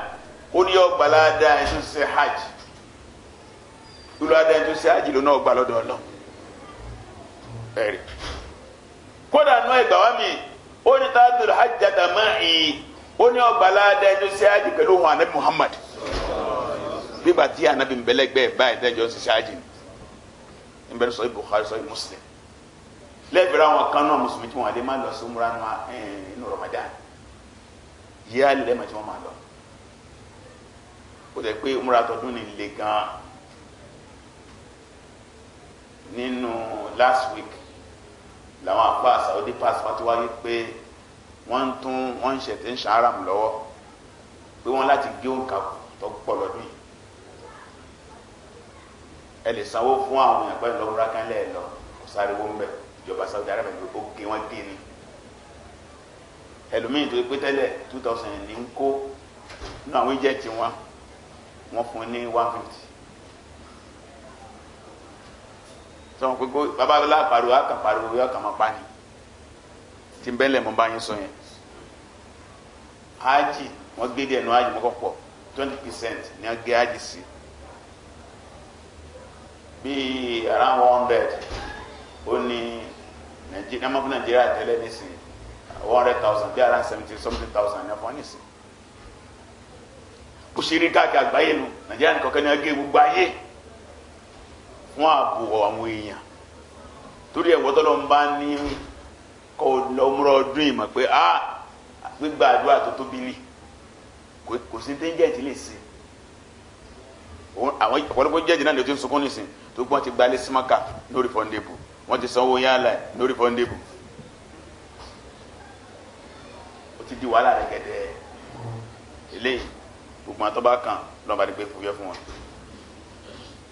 ó ní yọ gbàlá dáa ẹ̀ tó ṣe hajj ìlú adáyẹ̀ tó ṣe hajj ló náà gbà lọ́dọ̀ ẹ̀rí kódà nù ẹgbà wá mi ó ní tá a dùn hajj àdàmà yìí ó ní ọgbà aládé ẹni ṣe àjì pẹ̀lú ohun anabi Muhammad bíbà tí anabi nbẹlẹgbẹ báyìí dẹjọ ṣe ṣe àjì nbẹlẹ sọ Bukhari sọ Muslim lẹ́bìrì àwọn kan náà mùsùlùmí tí wọ́n adé máa lọ sí múra nù inú eh, Ramadan yíyá lẹ́lẹ́ mà tí wọ́n máa lọ ó dẹ̀ pé múra tọdún ni le gan nínú last week làwọn apá Saudi pass pátó wáyé pé wọ́n ń tún wọ́n ń ṣẹ̀tẹ̀ ń ṣàáràm lọ́wọ́ pé wọ́n láti gé òǹkà tó pọ̀ lọ́dún yìí ẹ lè sanwó fún àwọn èèyàn pẹ́ẹ́n lọ́wọ́ rákánlẹ̀ lọ kò sáré wọ́n bẹ̀ ìjọba Saudi Arabia ló gé wọ́n gé ni ẹlòmíì tó pé tẹ́lẹ̀ two thousand ní ń kó nínú àwọn ìjẹ́ tiwọn wọ́n fún ní one fifty sọ̀rọ̀ pé bàbá abẹ́lá pariwo àkàn pariwo yóò kàn pani tí n bẹ́ẹ̀ lẹ̀ mọ́ bá yín sọ yẹn ájì wọ́n gbé díẹ̀ nu ájì mọ́kàn pọ̀ twenty percent ni wọ́n gé ájì sí bíi around one hundred ó ní nàìjíríà mọ́kù nàìjíríà tẹ́lẹ̀ nísìnyí one hundred thousand bíi around seventy something thousand ní ọ̀fọ̀ nísìnyí bó ṣe rí káàkiri àgbáyé nu nàìjíríà nìkan kan ní wọ́n gbogbo ayé wọn àbò àwọn èèyàn torí ẹ̀wọ́ tọ́lọ́ ń bá ní kọ́ lọ́múrọ́ ọdún ìmọ̀ pé a gbígba àdúrà tó tóbi lì kò sí téńjẹ̀tì lè sè àwọn ọ̀pọ̀lọpọ̀ jẹ́jì náà ni o ti ń sunkún nìsín tó gbọ́n ti gbalẹ̀ símákà lórí fọ́ndébù wọ́n ti sanwó yálà lórí fọ́ndébù o ti di wàhálà rẹ̀ gẹ̀dẹ̀ eléyìí gbogbo àtọ́ bá kàn lọ́ba ni pé fúyẹ́ fún wọn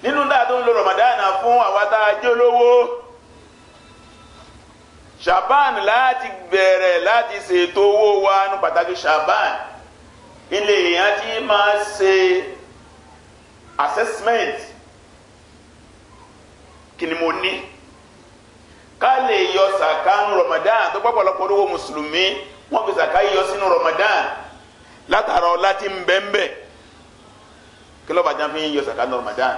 nínú dáa tó ń lo Ramadan fún àwa tá Shaban láti bẹ̀rẹ̀ láti ṣètò owó wa ní pàtàkì Shaban ilé èèyàn ti máa ṣe assessment kí ni mo ní ká lè yọ sàkánú Ramadan tó pọ̀pọ̀lọpọ̀ olówó mùsùlùmí wọ́n fi sàká yọ sínú Ramadan látara ọlá tí ń bẹ́ẹ̀ bẹ́ẹ̀ kí ló jẹ́ fi yọ sàkánú Ramadan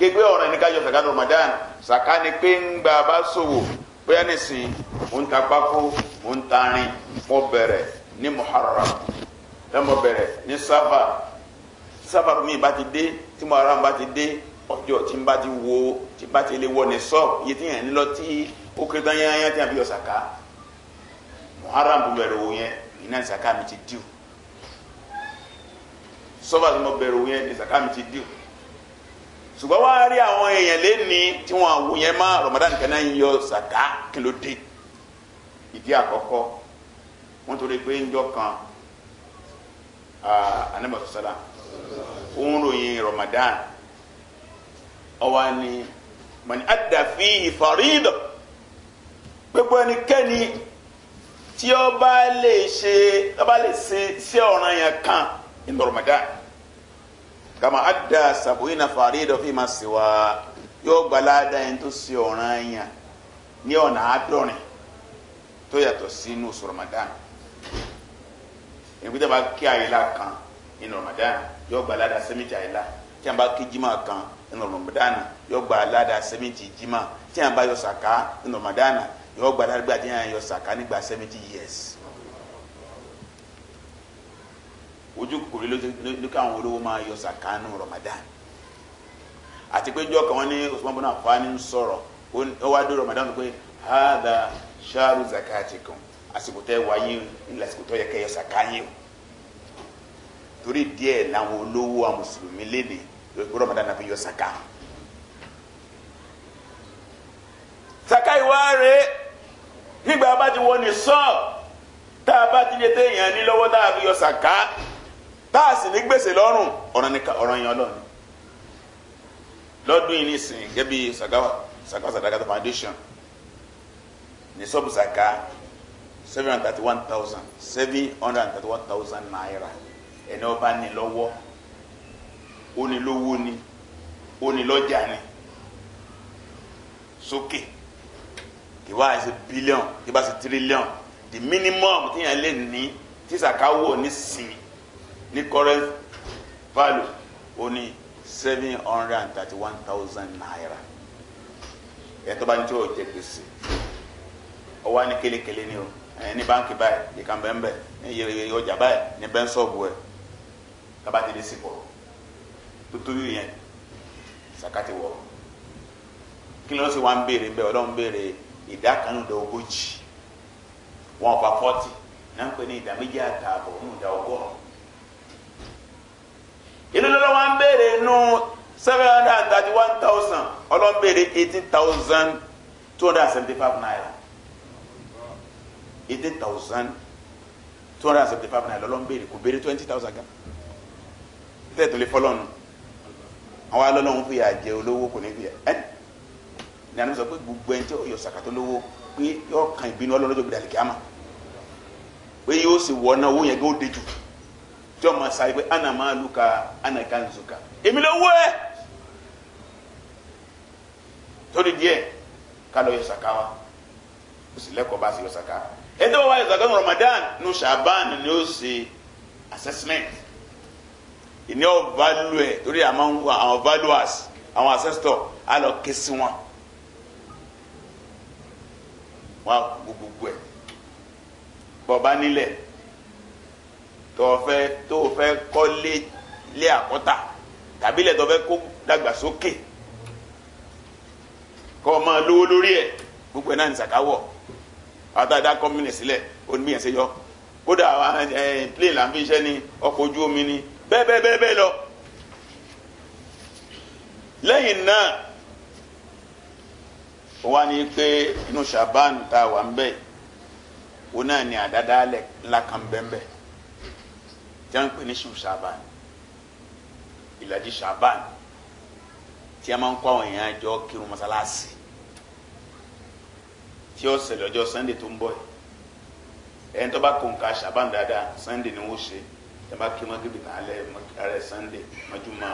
kégbé ọ̀rọ̀ ẹni ká yọ sàkà Ramadan sàkà ni pé ń gba bá ṣòwò bóyá nìsín mò ń ta pákó mò ń ta rin mo bẹ̀rẹ̀ ní Muharram ẹ mo bẹ̀rẹ̀ ní Safar Safar mi bá ti dé tí Muharram bá ti dé ọjọ́ tí n bá ti wo tí n bá ti lè wọ ní sọ́ọ̀bù iye tí yẹn ń lọ tí ó kéré tán yányá tí a fi yọ sàkà Muharram bẹ̀rẹ̀ wò yẹn iná sàkà mi ti dìú Safar mi bẹ̀rẹ̀ wò yẹn ni sàkà mi ti dìú ṣùgbọ́n wá rí àwọn èèyàn lẹ́ni tí wọ́n àwọn má Ramadan kan náà ń yọ zaka kílódé ìdí àkọ́kọ́ wọ́n torí pé ń jọ kan anamọ̀sọ̀sọ́lá òun ròyìn Ramadan ọwọ́ ni mọ̀ni àdàfi ìfọ̀rídọ̀ gbogbo ẹnikẹ́ni tí ó bá lè ṣe ó bá kan nínú Ramadan kama ada sabuina farida fi ma siwa yóò gbalada yẹn tó ṣe ọ̀ràn yẹn ní ọ̀nà àádọ́rin tó yàtọ̀ sí inú Ramadan ìpínlẹ̀ bá kí àyílá kan inú Ramadan yóò gbalada sẹ́mìtì àyílá tí a bá kí jimá kan inú Ramadan yóò gbalada sẹ́mìtì jimá tí a bá yọ sàká inú Ramadan yóò gbalada gbàdéyàn yọ sàká nígbà sẹ́mìtì yẹ́sì. ojú kòkòrò ló káwọn olówó máa yọ sàkánù Ramadan àti pé jọ́ kan wọ́n ní Usman bin Affan ń sọ̀rọ̀ ó wá dúró Ramadan pé hada ṣáàrù zakatikum àsìkò tẹ́ wáyé ńlá àsìkò tó yẹ kẹ́ yọ sàkáyé o torí díẹ̀ làwọn olówó àwọn mùsùlùmí léde Ramadan náà fi yọ sàká sàká ìwá rèé nígbà bá ti wọ ní tá a bá ti lè téèyàn ní lọ́wọ́ tá a fi yọ sàká tá a sì ní gbèsè lọ́rùn ọ̀ràn yẹn ọlọ́run lọ́dún yìí nísìnyí gẹ́gẹ́ bí sakawa sadakata foundation ní sọ́ọ̀bù saka seven hundred thirty one thousand seven hundred thirty one thousand naira ẹni ọba ní lọ́wọ́ ó ní lówó ni ó ní lọ́jà ni sókè kì wá ṣe bílíọ̀n kì bá ṣe tírílíọ̀n the minimum tíyẹn lè ní tí saka wọ̀ ní sìn ní current value ó ní seven hundred and one thousand naira ẹ̀ tó bá ní tí o jẹ gbèsè ọ wá ní kélékélé ni o ẹ̀ ní báńkì báyìí ìka bẹ́ẹ̀nbẹ́ ní yẹ̀yẹ̀ ọjà báyìí ní bẹ́ńsọ̀bù ẹ̀ kábà ti sí pọ̀ tó tóbi yẹn sàkátì wọ̀ kí ló ń sè wá ń béèrè bẹ́ẹ̀ ọlọ́run ilé lọ́lọ́ wa ń béèrè nù seven hundred and thirty one thousand ọlọ́n béèrè eighteen thousand two hundred and seventy five naira eighteen thousand two hundred and seventy five naira lọ́lọ́n béèrè kò béèrè twenty thousand kan tẹ́tù lè fọlọ́ nù àwọn alọ́lọ́hún fìyà jẹ olówó kò ní fìyà ẹ́ ní àná sọ pé gbogbo ẹni tí ó yọ sàkàtọ́ lówó pé yọ kan ìbínú ọlọ́lọ́jọ́ gbèdàlì kíámà pé yóò sì wọ́n náà owó yẹn gbé ó de jù tí ọmọ sáré pé ana máa lu ka ana ká nzù ka èmi ló wú ẹ torí díẹ̀ ká lọ wa kò sì lẹ́kọ̀ọ́ bá sì yọ sàká ẹni tó bá Ramadan ní Shaban ni ó ṣe assessment ìní ọ value ẹ torí àwọn àwọn valuers àwọn assessor á lọ wọn wọn gbogbo ẹ bọba nílẹ̀ tọ́fẹ́ tọ́fẹ́ kọ́lé lé àkọ́tà tàbí ilẹ̀ tọ́fẹ́ kó dàgbàsókè kọ́ ọ máa lówó lórí ẹ̀ gbogbo ẹ̀ náà ní sàkáwọ̀ àtàdá kọ́mínì sílẹ̀ onímìyàn ṣe yọ kódà plane là ń fi iṣẹ́ ni ọkọ̀ ojú omi ni bẹ́ẹ̀ bẹ́ẹ̀ bẹ́ẹ̀ bẹ́ẹ̀ lọ. lẹ́yìn náà wọ́n á pé inú Ṣàbáàn tá wà ń bẹ̀ wọ́n náà ní àdádálẹ̀ ńlá kan bẹ́ẹ̀ bẹ́ẹ̀ tí a ń pè ní ṣù ṣàbàn ìlàjì ṣàbàn tí a máa ń kó àwọn èèyàn àjọ kírun mọ́sálásì tí ó ṣẹlẹ̀ ọjọ́ sunday tó ń bọ̀ ẹ̀ ẹni tó bá kó nǹkan dáadáa sunday ni wọ́n ṣe tí a bá kí mọ́gìbì kan alẹ́ alẹ́ sunday mọ́júmọ́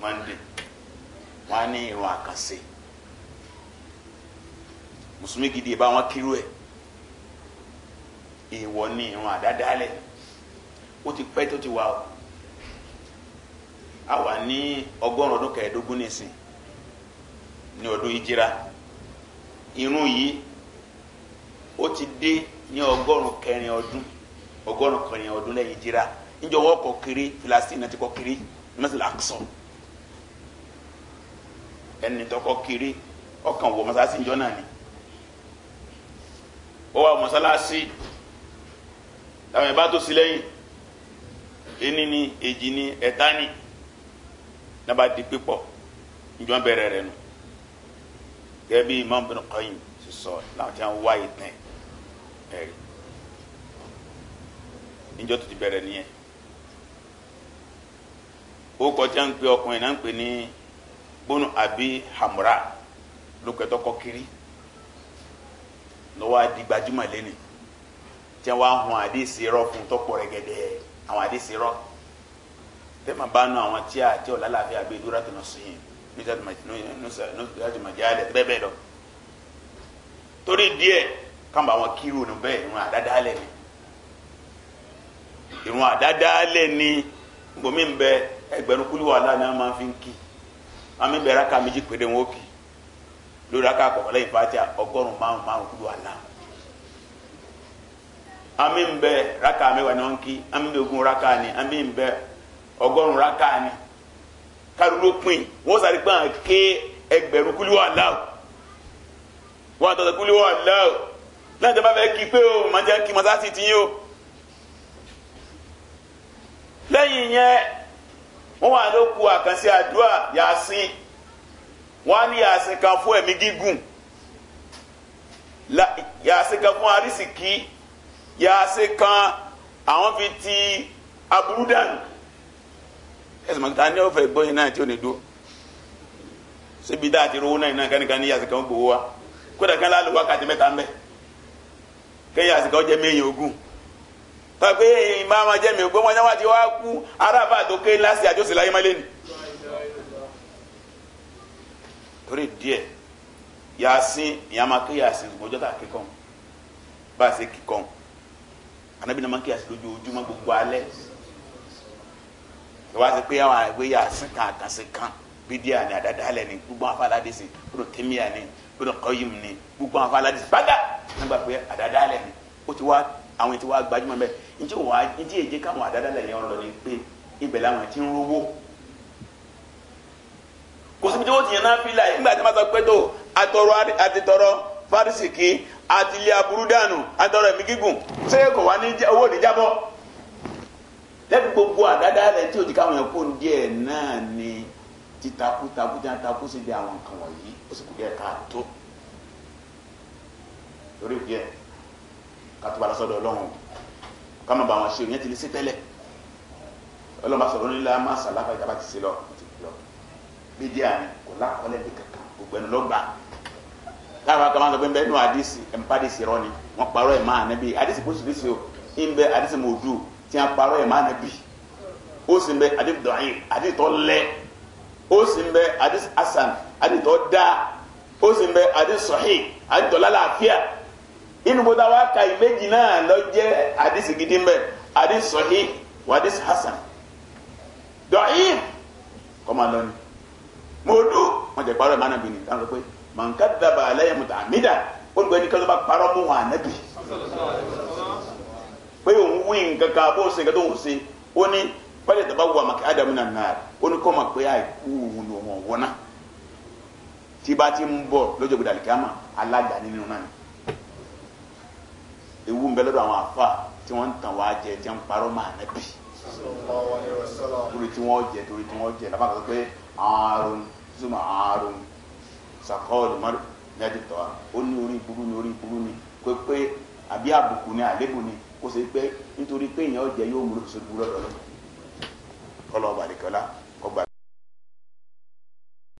monday wọ́n á ní irun àkànṣe mùsùlùmí gidi ìbá wọn kírú ẹ̀ èèwọ̀ ni irun àdádálẹ̀ ó ti pẹ́ tó ti wà o a wà ní ọgọ́rùn ọdún kẹẹ̀ẹ́dógún nísìn ní ọdún ìjìra irun yìí ó ti dé ní ọgọ́rùn kẹrin ọdún ọdún lẹ́yìn kiri filasitini náà ti kọ kiri mẹsàlá kiri ọkàn wọ ìjọ náà ni ó wà làwọn ìbá tó sí enini ni edzi ni etaa ni n'aba di ikpé pɔ nju abeere rɛ nụ k'ebi ma ọ bụ ɔyị sɔsɔ la n'ocha wa etee ɛri ndị ọ tụtụ ịpere n'iye o kọcha nkpé ọkụ ɛ na nkpé ni bonu abi hamura n'o kụ ete ọkọ kiri n'o waa dị gbajumà lene k'a waa hụ àwọn àdìsí rọ tẹ́mà bá nu àwọn tí a tí ọ̀la láàfin àgbẹ̀ ìdúrà tó nà yìí nítorí màjáde bẹ́ẹ̀ bẹ́ẹ̀ lọ torí díẹ̀ kàmbá àwọn kírun ní bẹ́ẹ̀ irun àdádálẹ̀ ni irun àdádálẹ̀ ni ń bẹ ẹgbẹ̀rún kúlú wàhálà ni wọ́n máa fi ń kí àmì méjì péré wọn ó kì an min bɛ raka an bɛ wa ɲɔgɔn ki an bɛ gun raka ni an min bɛ ɔgɔrun raka ni karulo pin wọn sáré pé àwọn ké ẹgbẹ̀rún kúlí wà láwù wọn àtọ̀tọ̀ kúlí lẹ́yìn tí a bá fẹ́ kí o lẹ́yìn yẹn wọ́n wà ku àkànṣe àdúrà yàsín wọ́n á ní yàsín kan fún ẹ̀mí gígùn yàsín kan fún yaase kan àwọn fi ti aburú dànù ẹsẹ̀ mọ̀kítà ní ọ̀fẹ́ gbọ́ yẹn náà tí ò ní dúró síbi dáa ti rówó náà iná kánìkan ní yaase kan gbowó wa kódà kan láàlú wákàtí mẹ́ta ń bẹ kẹ́yìn yaase kan jẹ́ mẹ́yìn ogún tàbí ìmọ̀ àwọn jẹ́ mi ògbó wọn náà ti wá kú arábà tó ké lásì àjọsìn láyé má lẹ́nu torí díẹ̀ yasin ìyàmà ké yasin ìgbọ́jọ́ tà kíkọ́ bá a ṣe kíkọ́ wọn anabi nama máa ń kíyàsí lójoojúmọ́ gbogbo alẹ́ ìwà ti pé àwọn àgbéyà síkan àkànṣe kan bídíà ni àdàdàlẹ̀ ni gbogbo àwọn afáàládé sí gbogbo tèmíà ni gbogbo kọ́yìm ni gbogbo àwọn afáàládé sí bàgà nígbà pé àdàdàlẹ̀ ni ó ti wá àwọn ètò wa gbajúmọ̀ bẹ́ẹ̀ njẹ́ wà á njẹ́ èjẹ́ káwọn àdàdàlẹ̀ yẹn lọ ni pé ibẹ̀ làwọn ti ń rówó kò síbi tí wọ́n ti yẹn náà fi láì nígbà tí wọ́n sọ pé tó àtọrọ àti tọrọ fárísìkì àtìlẹ aburú dànù àtọrọ ẹ̀mí gígùn ṣé kò wá ní owó ìdíjábọ lẹ́nu gbogbo àdáda rẹ̀ tí òjì káwọn yẹn kó díẹ̀ náà ni títakú takú tí wọn takú sí bí àwọn nǹkan wọ̀nyí ó sì kú díẹ̀ ká tó lórí ìpìyẹ ká tó bá lọ́sọ̀dọ̀ ọlọ́run ká má ba àwọn ṣe òyìn ti lè ṣe tẹ́lẹ̀ ọlọ́run bá sọ̀rọ̀ nílá má sàlápá ìjábá ti ṣe lọ bí kankan gbogbo ẹnu lọ́gbàá káwọn kan máa sọ pé nbẹ nù àdìsí ẹnpadìsí rọ ni wọn parọ́ ẹ máa nẹbi àdìsí pósìtìsì o nbẹ àdìsí mòdù tí wọn parọ́ ẹ máa nẹbi ó sì nbẹ àdìsí dọ̀yìn àdìsí tọ́ lẹ ó sì nbẹ àdìsí hasan àdìsí tọ́ da ó sì nbẹ àdìsí sọ̀hìn àdìsí tọ́ lálàáfíà inú bó dáwọ́ aka ìméjì náà lọ jẹ́ àdìsí gidi nbẹ àdìsí sọ̀hìn wà àdìsí hasan dọ̀yìn kọ́ máa lọ ni mòdù wọn jẹ parọ́ ẹ máa nẹbi mànká dàbà aláyẹ mọ̀tà àmìdá ó gbé ní kálọ́bà parọ́ mọ́ wọn ànábì pé òun wí nǹkan kan bó ṣe nǹkan tó ń ṣe ó ní pálí ìtàbá wà màkà ádámù nà nà ó ní kọ́ mà pé àìkú òun ni òun wọ́n náà tí bá ti ń bọ̀ lọ́jọ́ gbọdọ̀ kíámà alága nínú náà ni ewu ń bẹ lọ́dọ̀ àwọn àfa tí wọ́n ń tàn wá jẹ tí ń parọ́ mọ́ ànábì torí tí wọ́n jẹ torí tí wọ́n jẹ lábàkàtà pé ààrùn zuma ààrùn sàkọọlù mọdù nẹẹdì tọ ó ní orí burú ni orí burú ni kó pé àbí àbùkù ni àlébù ni kó ṣe pé nítorí pé èèyàn jẹ yóò múlò sódùbúrọ lọlọ kọlọ ọbàdìkọlá